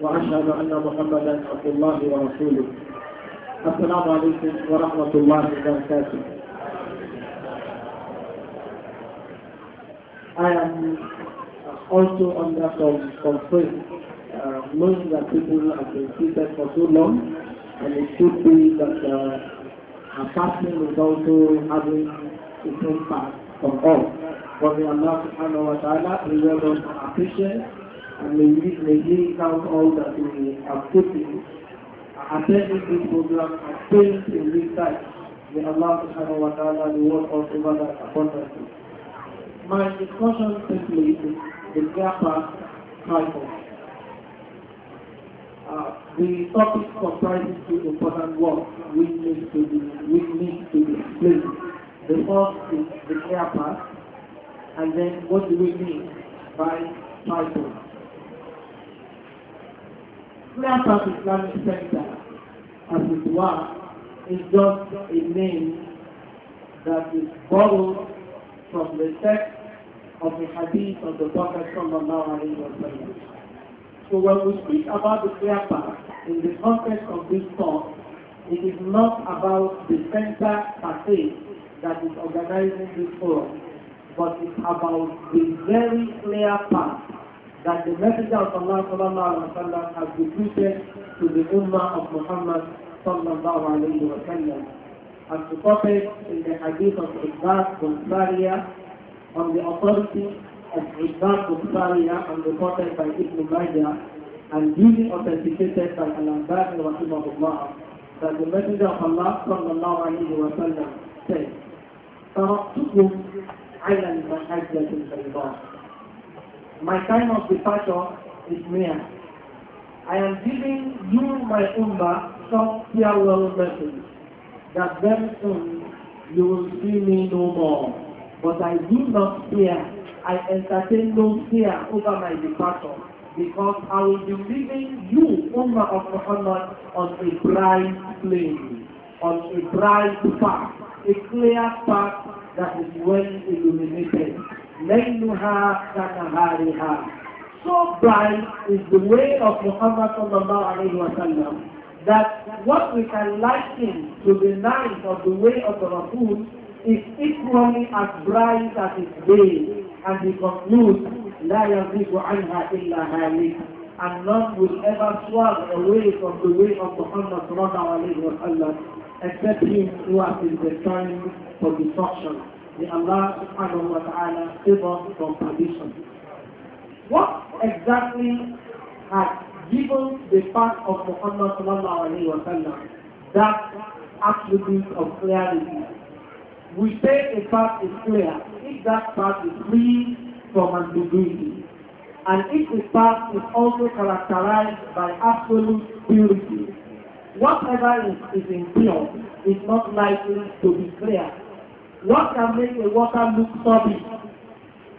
وأشهد أن محمدا عبد الله ورسوله السلام عليكم ورحمة الله وبركاته I am also under some constraint, uh, knowing that people have been seated for so long, and it should be that uh, a fasting is also having its impact from all. But we are not, subhanahu wa ta'ala, we will appreciate and may He, may he count all that we have put in. Attending this program and praying in this time, may Allah subhanahu wa ta'ala reward us over that abundantly. My discussion simply is the GAPA title. Uh, the topic comprises two important words which need to be, which need to be explained. The first is the care part, and then what do we mean by title? Grandpa's Islamic Center, as it were, is just a name that is borrowed from the text of the hadith of the Prophet sallallahu alayhi wa So when we speak about the prayer path in the context of this talk, it is not about the center per se that is organizing this forum, but it's about the very clear path that the Messenger of Allah sallallahu alayhi wa has decreed to the Ummah of Muhammad sallallahu alayhi wa sallam. As reported in the hadith of Ibbas Bukhariya on the authority of Ibbas Bukhariya and reported by Ibn Majah and duly authenticated by Al-Abbas rahimahullah that the Messenger of Allah sallallahu alayhi wa sallam said, فَرَقْتُكُمْ عَلَى الْمَحَجَّةِ الْبَيْضَاءِ My time of departure is near. I am giving you, my Ummah, some farewell message that very soon you will see me no more. But I do not fear, I entertain no fear over my departure, because I will be leaving you, umma of Muhammad, on a bright plane, on a bright path, a clear path that is well illuminated. لَيْلُهَا كَنَهَارِهَا So bright is the way of Muhammad sallallahu alayhi wa sallam that what we can liken to the light of the way of the Rasul is equally as bright as its day. And he concludes, لَا يَغْرِبُ عَنْهَا إِلَّا هَالِكَ and none will ever swerve away from the way of Muhammad sallallahu except him who has been destined for destruction. May Allah subhanahu wa ta'ala save us from perdition. What exactly has given the path of Muhammad sallallahu that attribute of clarity? We say a path is clear if that path is free from ambiguity. and each Islam is also characterized by absolute purity. Whatever is, is impure is not likely to be clear. What can make the water look soggy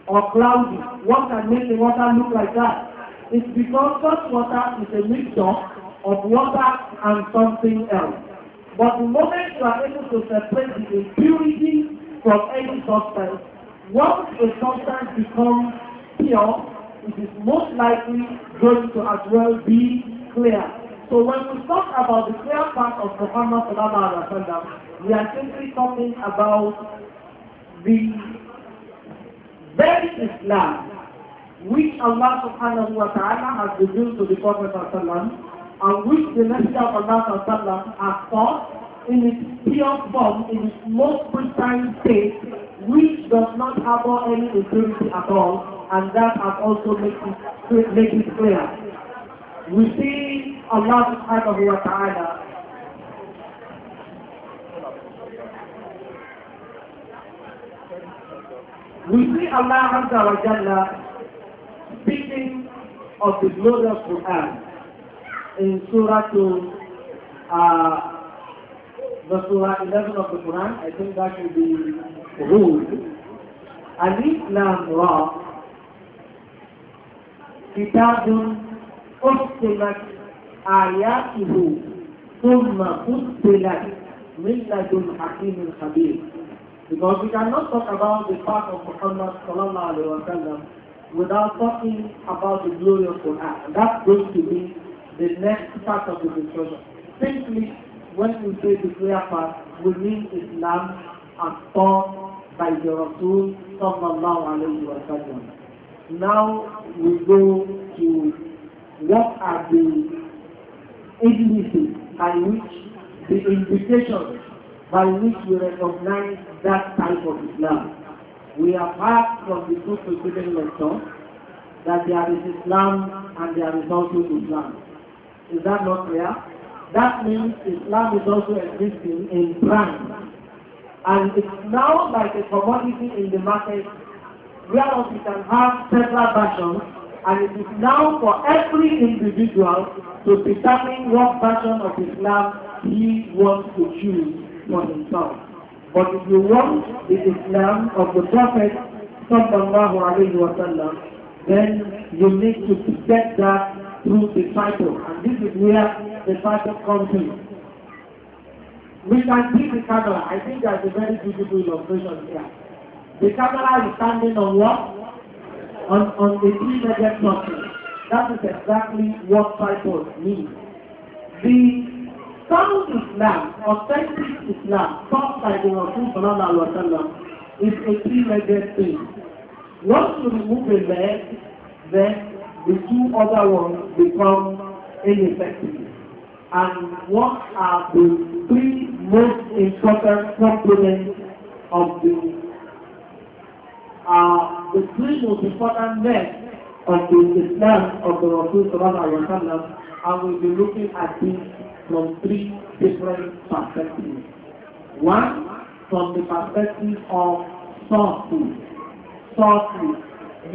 or cloudy? What can make the water look like that? It's because such water is a mixture of water and something else. But the moment you are able to separate the impurity from any substance, once a substance becomes pure, it is most likely going to as well be clear. So when we talk about the clear part of Muhammad Sallallahu Alaihi Wasallam, we are simply talking about the very Islam which Allah subhanahu wa ta'ala has revealed to the Prophet Sallallahu and which the Messenger of Allah Sallallahu has taught in its pure form, in its most pristine state, which does not have any impurity at all, and that has also made it, make it clear. We see a Allah of wa ta'ala We see Allah Azza wa speaking of the glorious Quran in Surah to, uh, the Surah 11 of the Quran, I think that will be ruled. Alif Lam Ra Kitabun أُفْتِلَتْ آيَاتِهُ ثُمَّ أُفْتِلَتْ مِنْ لَدُنْ حَكِيمٍ خَبِيرٍ Because we cannot talk about the part of Muhammad sallallahu alayhi wa sallam without talking about the glory of Quran. And that's going to be the next part of the discussion. Simply when we say the prayer part, we mean Islam as taught by the Rasul sallallahu alayhi wa sallam. Now we go to what are the agencies by which the invitations by which we recognize that type of Islam. We have heard from the two preceding lectures that there is Islam and there is also Islam. Is that not clear? That means Islam is also existing in brand. And it's now like a commodity in the market, whereas you can have several versions, and it is now for every individual to determine what version of Islam he wants to choose for himself. But if you want the Islam of the Prophet sallallahu alayhi wa sallam, then you need to get that through the title. And this is where the target country. We can see the camera. I think that's a very beautiful illustration here. The camera is standing on what? On, on a three-legged monkey. That is exactly what tripod means. The sound Islam, authentic Islam, taught by the Rasul Sallallahu is a three-legged thing. Once you remove a leg, then the two other ones become ineffective and what are the three most important components of the uh, the three most important men of the Islam of the Rasul Sallallahu Alaihi Wasallam and we'll be looking at this from three different perspectives. One, from the perspective of sources. Sources.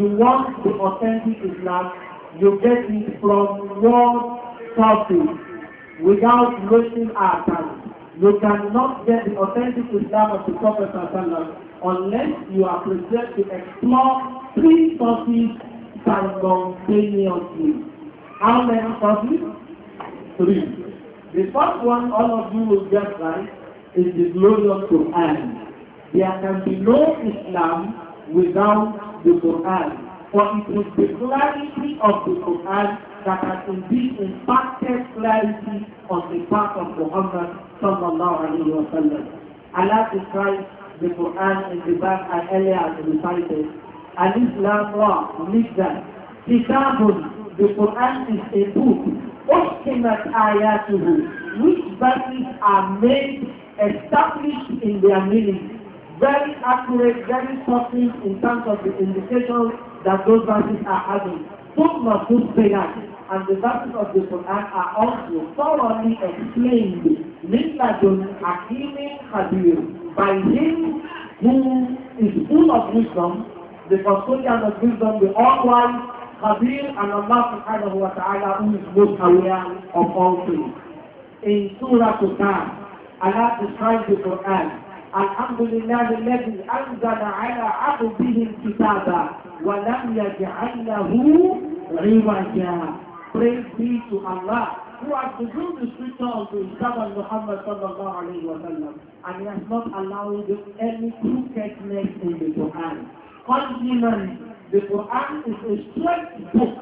You want the authentic Islam, you get it from one sources without losing our talent. You cannot get the authentic Islam of the Prophet unless you are prepared to explore three sources simultaneously. How many sources? Three. The first one all of you will get right is the glorious Quran. There can be no Islam without the Quran. For it is the clarity of the Quran that has indeed impacted clarity on the path of Muhammad sallallahu alayhi wa sallam. Allah describes the Quran in the back and earlier as recited. Al-Islam wa Mizan. Kitabun, the Quran is a book. Ushkimat ayatuhu, which verses are made established in their meaning. Very accurate, very succinct in terms of the indications that those verses are having. ثم تبقيان and the verses of the Quran are also thoroughly explained Lilladun Hakimin Khabir by him who is full of wisdom, the custodian of wisdom, the all-wise Khabir and Allah subhanahu wa ta'ala who is most aware of all things. In Surah Quran, Allah describes the Quran الحمد لله الذي أنزل على عبده الكتاب ولم يجعل له عوجا Praise be to Allah, who has revealed the scripture unto his servant Muhammad sallallahu alayhi wa sallam, and he has not allowed any crookedness in the Quran. Contrary, the Quran is a straight book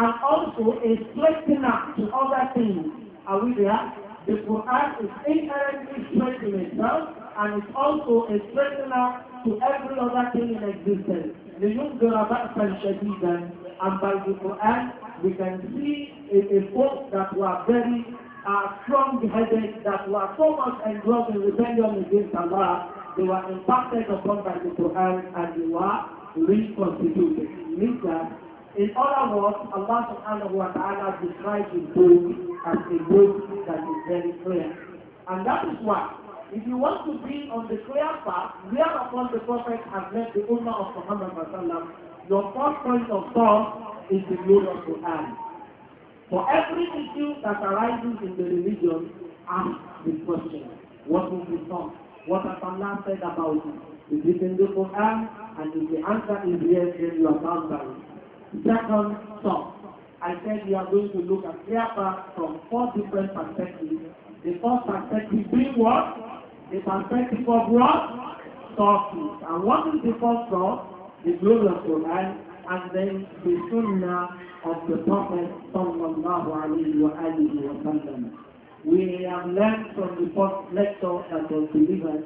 and also a straightener to other things. Are we there? The Quran is inherently straight in itself and it's also a straightener to every other thing in existence. لينذر بأسا شديدا and by the Quran we can see a, folk that were very uh, strong-headed, that were so much engrossed in rebellion against Allah, they were impacted upon by the Quran and they were reconstituted. means that, in other words, Allah subhanahu wa ta'ala describes the book as a book that is very clear. And that is why if you want to be on the clear path, whereupon the Prophet has left the Ummah of Muhammad, your first point of thought is the Lord of Quran. For every issue that arises in the religion, ask the question, what will be done? What has Allah said about it? Is it in the Quran? And if the answer is yes, then you are bound by it. Second thought. I said we are going to look at Cleopatra from four different perspectives. The first perspective being what? The perspective of what? Softness. And what is the first thought? The glory of Quran and then the sunnah of the Prophet sallallahu alayhi wa alihi wa sallam. We have learned from the first lecture that was delivered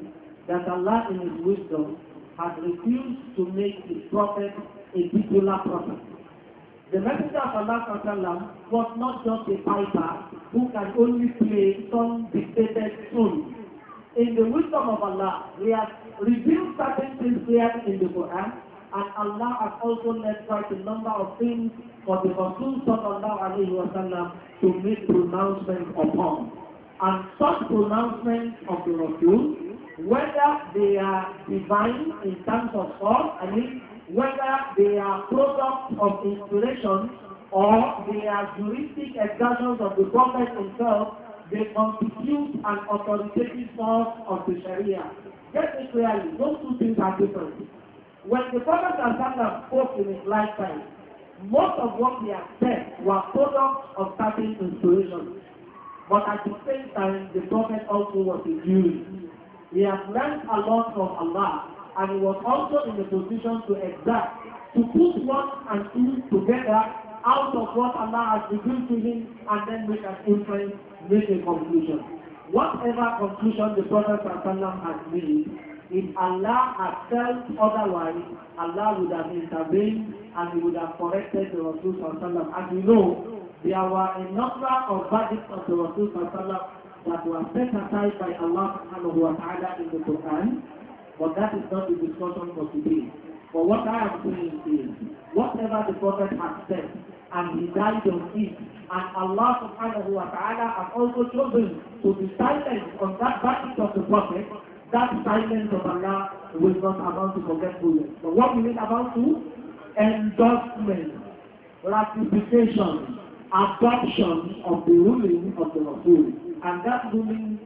that Allah in His wisdom has refused to make the Prophet a titular prophet. The messenger of Allah sallam, was not just a piper who can only play some dictated tune. In the wisdom of Allah, we have revealed certain things clearly in the Quran And Allah has also led quite a number of things for the Rasul sallallahu to make pronouncements upon. And such pronouncements of the Rasul, whether they are divine in terms of thought, I mean, whether they are products of inspiration or they are juristic exertions of the Prophet himself, they constitute an authoritative source of the Sharia. Get it clearly, those two things are different. When the Prophet Azana spoke in his lifetime, most of what he had said were products of certain inspiration. But at the same time, the Prophet also was a Jew. He had learned a lot from Allah, and he was also in the position to exact, to put what and two together out of what Allah has revealed to him, and then make an inference, make a conclusion. Whatever conclusion the Prophet has made, If Allah had felt otherwise, Allah would have intervened and he would have corrected the Rasul Sallallahu As we know, there were a number of verdicts of the Rasul Sallallahu that were set aside by Allah Subhanahu wa Ta'ala in the Quran, but that is not the discussion for today. But what I am saying is, whatever the Prophet has said, and he died on it, and Allah subhanahu wa ta'ala has also chosen to be silent on that verdict of the Prophet, that silence of Allah will not amount to forgetfulness. But what we need about to? Endorsement, ratification, adoption of the ruling of the Rasul. And that ruling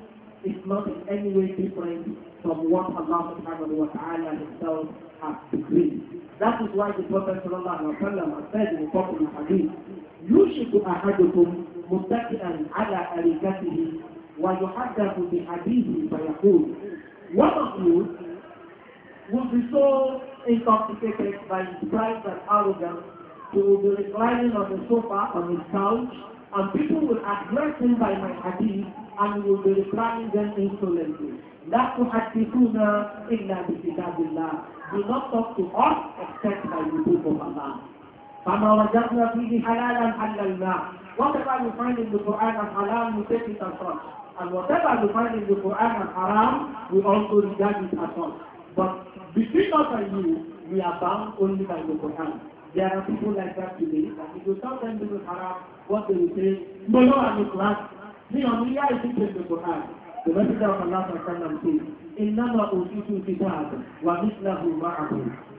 is not in any way different from what Allah subhanahu wa ta'ala himself has decreed. That is why the Prophet sallallahu alayhi wa said in the popular hadith, يُشِكُ أَحَدُكُمْ مُتَّكِئًا عَلَى أَرِكَتِهِ وَيُحَدَّثُ بِحَدِيثٍ فَيَقُولُ One of you would be so intoxicated by his pride and arrogance, he will be reclining on the sofa on his couch, and people will address him by my hadith, and he will be replying them insolently. That to hadithuna illa bi kitabillah. Do not talk to us except by the people of Allah. فما وجدنا فيه حلالا حللناه. Whatever you find in the Quran as halal, you take it as such. And whatever you find in the Quran and Haram, we also regard it as wrong. But between us and you, we are bound only by the Quran. There are people like that today that if you tell them this is haram, what they will say, no, no, I'm Islam. Me on me, I think in the Quran. The Messenger of Allah sallam says, إِنَّمَا أُوتِيتُ الْكِتَابَ وَمِثْلَهُ مَعَهُ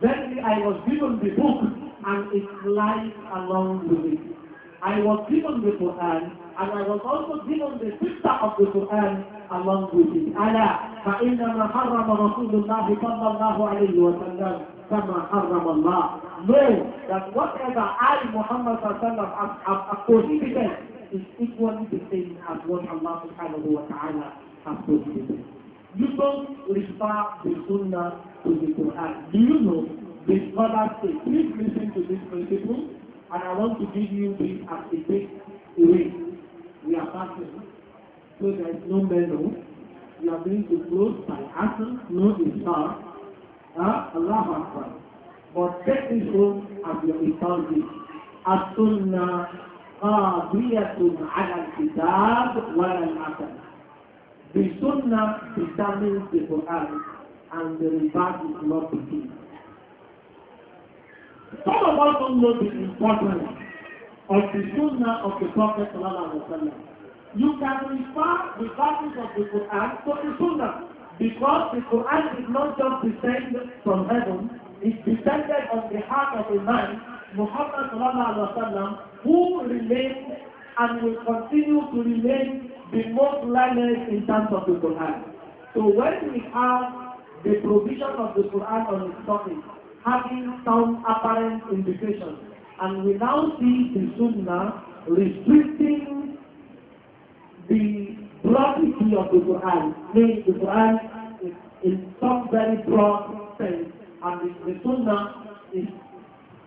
Then I was given the book and it lies along with it. I was given the Quran, and I was also given the sister of the Quran along with it. ألا فإنما حرم رسول الله صلى الله عليه وسلم كما حرم الله. Know that whatever I, Muhammad صلى الله عليه وسلم, have, have, prohibited is equally the same as what Allah subhanahu wa ta'ala has prohibited. You don't refer the Sunnah to the Quran. Do you know the scholars say, please listen to this principle? And I want to give you this as a big away. We are passing. So there is no mellow. We are going to close by action, no ishar. Uh, ah, Allah has Akbar. But take this home as your ishar gift. السنة قاضية على wa ولا العقل. The sunnah determines the Quran and the reward is not the Some of us don't know the importance of the sunnah of the Prophet You can refer the verses of the Quran to the sunnah because the Quran did not just descend from heaven, it descended on the heart of a man, Muhammad Wasallam, who remained and will continue to remain the most learned in terms of the Quran. So when we have the provision of the Quran on its topic, having some apparent indication, And we now see the Sunnah restricting the broadity of the Quran, meaning the Quran is in some very broad sense, and the, the Sunnah is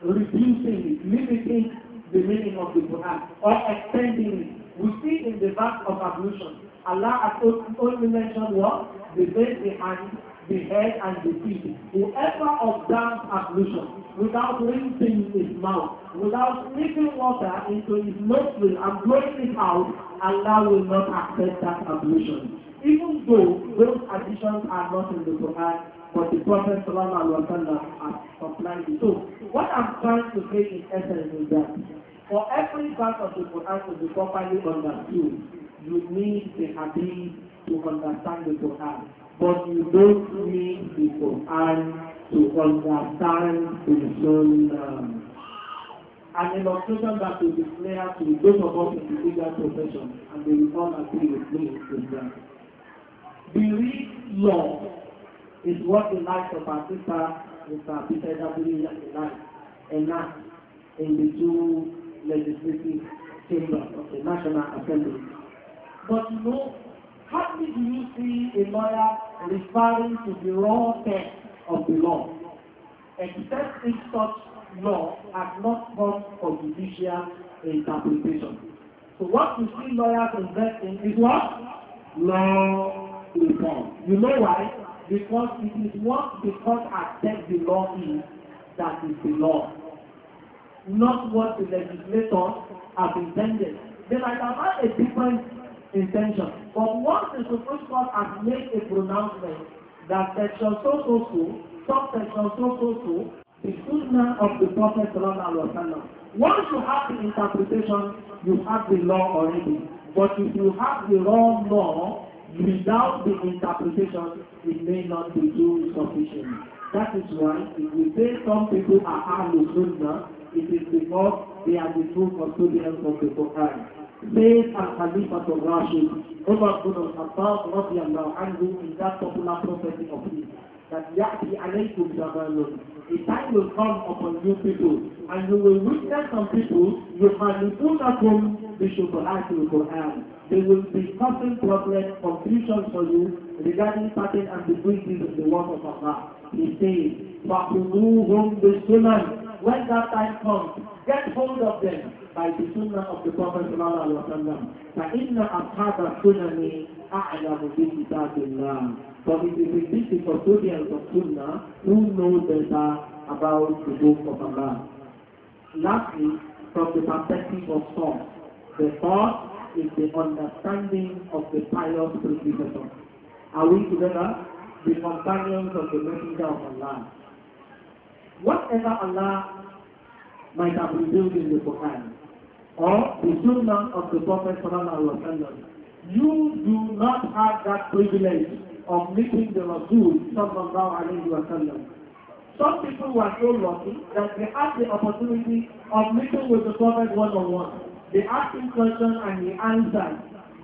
reducing it, limiting the meaning of the Quran, or extending it. We see in the verse of ablution, Allah has only mentioned what? The faith behind the head and the feet. Whoever observes ablution without rinsing his mouth, without slipping water into his nostrils and blowing it out, Allah will not accept that ablution. Even though those additions are not in the Quran, but the Prophet Sallallahu Alaihi Wasallam has supplied it. So, what I'm trying to say in essence is that for every part of the Quran to be properly understood, you need the hadith to understand the Quran but you don't need the Quran to understand the Sunnah. Um, an illustration that will be clear to those of us in the legal profession, and they will all agree with me is that the law is what the life of our sister, Mr. Peter W. enacts in the two legislative chambers of the National Assembly. But you know, how did you see a lawyer referring to the raw text of the law, except if such law has not come for judicial interpretation. So what you see lawyers invest in is what? Law reform. You know why? Because it is what the court accepts the law is that is the law, not what the legislator have intended. They might have had a different intention. But once the Supreme Court has made a pronouncement that section so so so, subsection so so so, the man of the Prophet Sallallahu Alaihi Wasallam. Once you have the interpretation, you have the law already. But if you have the wrong law without the interpretation, it may not be too sufficient. That is why if we say some people are Ahlul Sunnah, it is because they are the true custodians of the Quran made as Khalifa to Rashid, Umar bin al-Khattab radiallahu anhu in that popular prophecy of his, that Ya'ti alaykum zamanun. A time will come upon you people, and you will witness some people, You have يُخَالِفُونَكُمْ بِشُبْهَاتِ الْقُرْآنِ They will be causing problems, confusion for you regarding certain ambiguities in the word of Allah. He says, فَقُلُوهُمْ بِالسُّنَنِ when that time comes, get hold of them by the sunnah of the Prophet sallallahu alaihi wasallam. فَإِنَّ أَصْحَابَ السُّنَنِ أَعْلَمُ بِكِتَابِ اللَّهِ But it is the big custodians of sunnah who know better about the book of Allah. Lastly, from the perspective of thought, the thought is the understanding of the pious predecessor. Are we together? The companions of the messenger of Allah. whatever Allah might have revealed in the Quran or the Sunnah of the Prophet Sallallahu you do not have that privilege of meeting the Rasul Sallallahu Alaihi Wasallam. Some people were so lucky that they had the opportunity of meeting with the Prophet one-on-one. They asked him questions and he answered.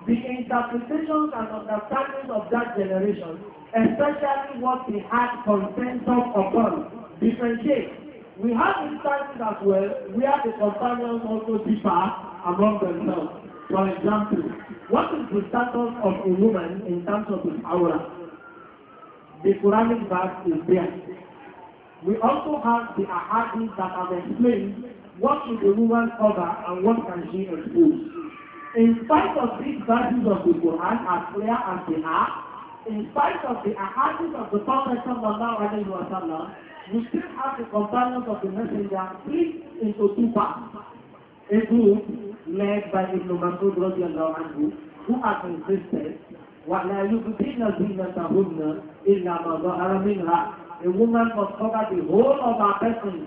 The interpretations and understandings of that generation, especially what he had consensus upon, differentiate. We have instances as well where the companions also differ among themselves. For example, what is the status of a woman in terms of his aura? The Quranic verse is there. We also have the ahadith that have explained what should a woman cover and what can she expose. In spite of these verses of the Quran as clear as they are, in spite of the ahadith of the Prophet sallallahu alayhi wa sallam, we still have the companions of the messenger split into two parts. A group led by Ibn Masud radiallahu anhu, who has insisted, وَلَا يُبْدِنَ زِينَتَهُنَّ إِلَّا مَا ظَهَرَ مِنْهَا A woman must cover the whole of her person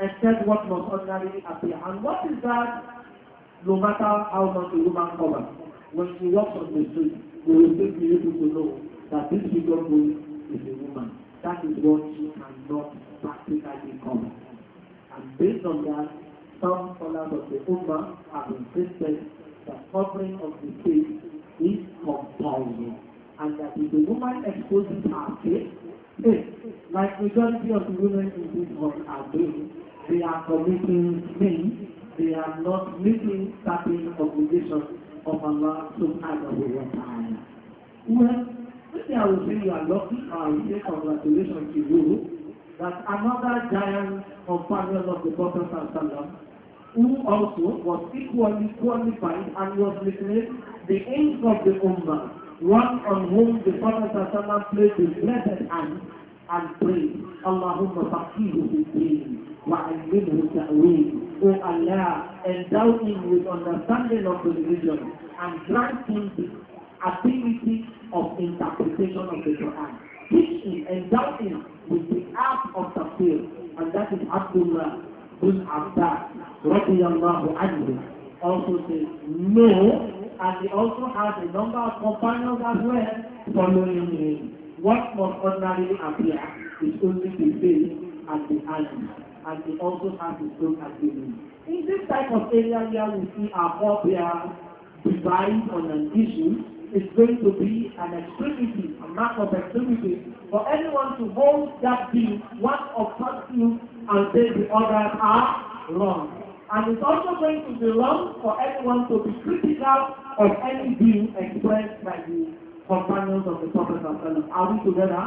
except what must ordinarily appear. And what is that? No matter how much a woman covers, when she walks on the street, we will still be able to know that this figure is a woman. That is what you cannot practically come. And based on that, some scholars of the Ummah have insisted that covering of the face is compulsory and that if the woman exposes her face, like majority of the women in this world are doing, they are committing sin, they are not meeting certain obligations of Allah subhanahu wa ta'ala. Well, Firstly, I will say you are lucky and I will say congratulations to you that another giant companion of the Prophet Sallallahu who also was equally qualified and was nicknamed the King of the Ummah, one on whom the Prophet Sallallahu placed his blessed hand and prayed, Allahumma faqihu fi deen wa alimhu ta'ween. O oh Allah, endow him with understanding of the religion and grant him the ability of interpretation of the Quran, which is endowed with the art of tafsir, and that is Abdullah bin Abbas, radiallahu anhu, also says no, and he also has a number of companions as well following him. What must ordinarily appear is only the face and the eyes, and he also has his own agreement. In this type of area where we see our popular divide on an issue, is going to be an extremity, a mark of extremity, for anyone to hold that view, one upsets two and say the others are wrong. And it's also going to be wrong for anyone to be critical of any view expressed by the companions of the Prophet Sallallahu Are we together?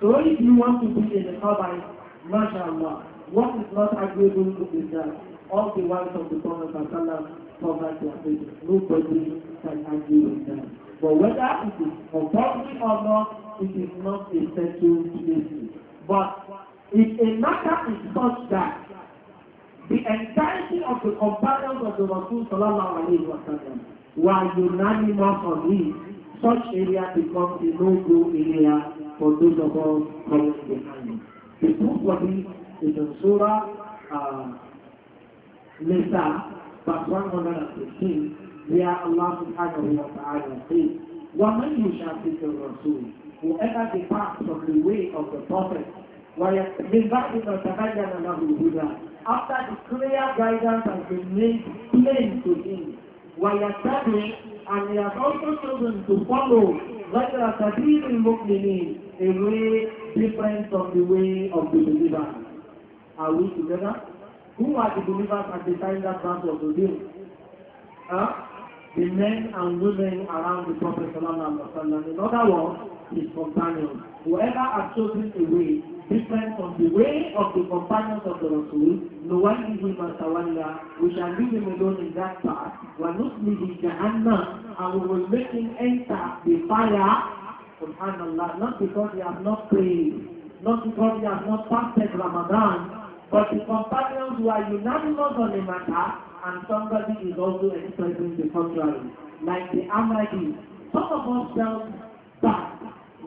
So if you want to be in the Kabbalah, mashallah, what is not agreeable to be done? all the wives of the Prophet Sallallahu provide their faith. Nobody can argue with them. But whether it is for government or not, it is not a settled issue. But if a matter is such that the entirety of the companions of the Rasul Sallallahu Alaihi Wasallam were unanimous on it, such area becomes a no-go area for those of us coming behind it. The proof of it is in Surah uh, Nisa, verse 115, where Allah subhanahu wa ta'ala says, وَمَنْ يُشَاكِكَ الرَّسُولِ Whoever departs from the way of the Prophet, وَيَتْبِنْ بَعْدِ فَتَبَيَّنَ لَهُ الْهُدَى After the clear guidance has been made plain to him, وَيَتَّبِعْ And he has also chosen to follow غَيْرَ سَبِيلِ الْمُؤْمِنِينَ A way different from the way of the believers. Are we together? Who are the believers at the time that verse was revealed? Huh? the men and women around the Prophet ﷺ. In other words, his companions. Whoever has chosen a way different from the way of the companions of the Rasul, no one is him matawalla, we shall leave him alone in that path, وَنُسْلِهِ جَهَنَّمْ And we will make him enter the fire, subhanallah, not because he has not prayed, not because he has not fasted Ramadan, but the companions who are unanimous on the matter, and somebody is also expressing the contrary, like the Amadi. Some of us felt that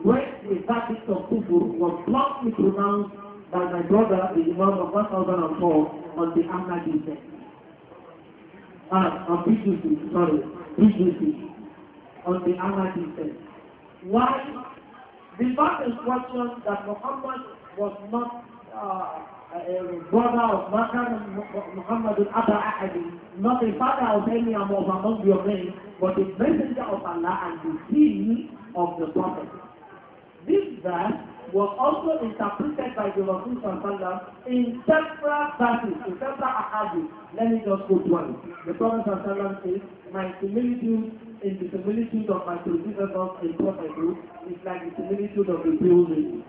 when the verdict of Kufu was bluntly pronounced by my brother, in the Imam of 2004 on the Amadi sect. Ah, on BGC, sorry, BGC, on the Amadi sect. Why? The fact is question that Muhammad was not uh, brother of Makkah, Muhammad Abba Ahadi, not a father of any of among your men, but a messenger of Allah and the seal of the Prophet. This verse was also interpreted by the Rasul Sallallahu in several verses, in several ahadith. Let me just quote one. The Prophet Sallallahu says, My similitude in the similitude of my predecessors in what I is like the similitude of the building.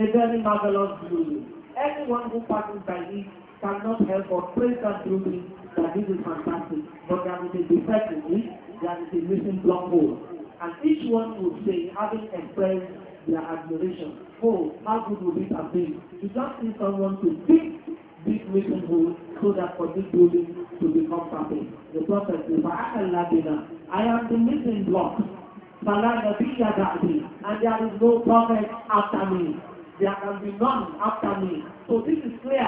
A very marvelous building. Anyone who passes by it cannot help but praise that through me that this is fantastic. But there is a defect in it, there is a missing block hole. And each one will say, having expressed their admiration, oh, how good would it have been to just see someone to fix this missing hole so that for this building to become perfect. The prophet said, I am the missing block. فَلَا نَبِيَّ بَعْدِي And there is no prophet after me there can be none after me. So this is clear.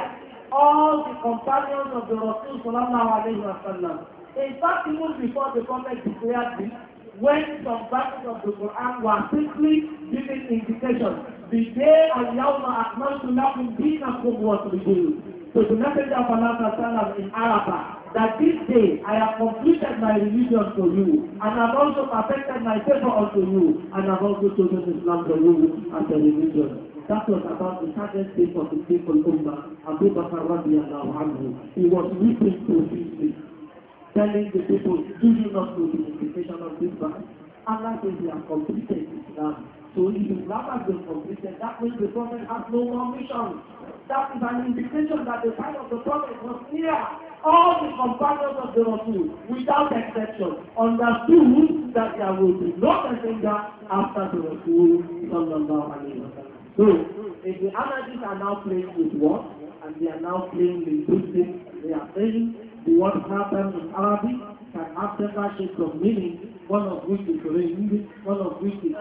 All the companions of the Rasul Sallallahu Alaihi Wasallam. In fact, even before the Prophet declared this, when some verses of the Quran were simply giving indications, the day al-yawma akmaltu lakum dinakum wa tulidu. So the Messenger of Allah Sallam in Arafah, that this day I have completed my religion for you, and I've also perfected my favor unto you, and I've also chosen Islam for you as a religion. That was about the saddest day for the people Ummah, Abu Bakr radiallahu anhu. He was weeping profusely, telling the people, do you not know the implication of this man. Allah says he has completed Islam. So if Islam has been completed, that means the Prophet has no more mission. That is an indication that the time of the Prophet was near. All the companions of the Rasul, without exception, understood that there will be no messenger after the Rasul sallallahu alayhi wa sallam. So, if the anarchists are now playing with words, and they are now playing linguistics, they are saying the what happened in Arabic can have several shades of meaning, one of which is rain, one of which is